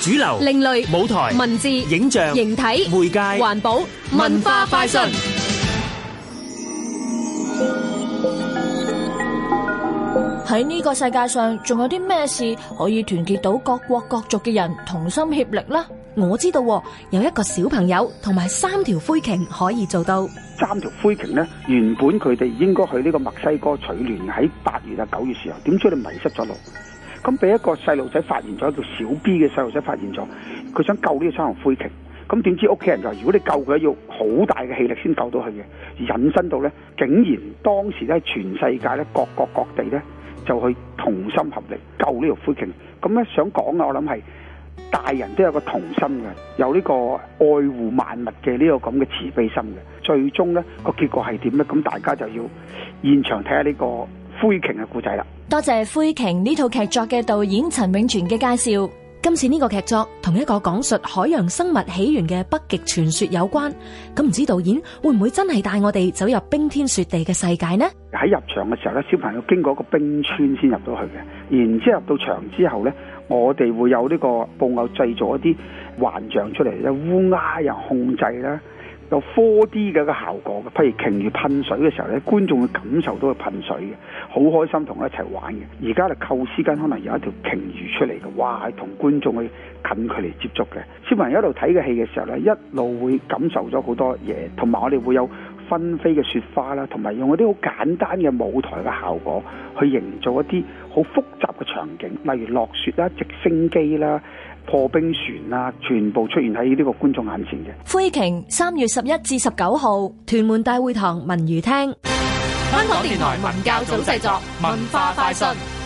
主流、另類舞台、文字、影像、形體、媒介、環保、文化快訊。喺呢個世界上，仲有啲咩事可以團結到各國各族嘅人同心協力呢？我知道有一個小朋友同埋三條灰鯨可以做到。三條灰鯨呢，原本佢哋應該去呢個墨西哥取暖喺八月啊九月時候，點知咧迷失咗路。咁俾一個細路仔發現咗，一叫小 B 嘅細路仔發現咗，佢想救呢隻彩虹灰鯨。咁點知屋企人就話，如果你救佢，要好大嘅氣力先救到佢嘅，引申到呢，竟然當時咧全世界咧各國各地咧就去同心合力救呢條灰鯨。咁咧想講嘅，我諗係大人都有個童心嘅，有呢個愛護萬物嘅呢個咁嘅慈悲心嘅。最終呢個結果係點呢？咁大家就要現場睇下呢個。灰鯨嘅故仔啦，多謝灰鯨呢套劇作嘅導演陳永全嘅介紹。今次呢個劇作同一個講述海洋生物起源嘅北極傳說有關，咁唔知導演會唔會真係帶我哋走入冰天雪地嘅世界呢？喺入場嘅時候咧，小朋友經過一個冰川先入到去嘅，然之後入到場之後咧，我哋會有呢個布偶製造一啲幻象出嚟，有烏鴉人控制啦。有 4D 嘅效果嘅，譬如鯨魚噴水嘅時候咧，觀眾會感受到佢噴水嘅，好開心同佢一齊玩嘅。而家就構思緊可能有一條鯨魚出嚟嘅，哇，同觀眾去近距離接觸嘅。小朋友一路睇嘅戲嘅時候咧，一路會感受咗好多嘢，同埋我哋會有紛飛嘅雪花啦，同埋用嗰啲好簡單嘅舞台嘅效果去營造一啲好複雜嘅場景，例如落雪啦、直升機啦。破冰船啦、啊，全部出現喺呢個觀眾眼前嘅灰鷹，三月十一至十九號，屯門大會堂文娛廳，香港電台文教組製作文化快訊。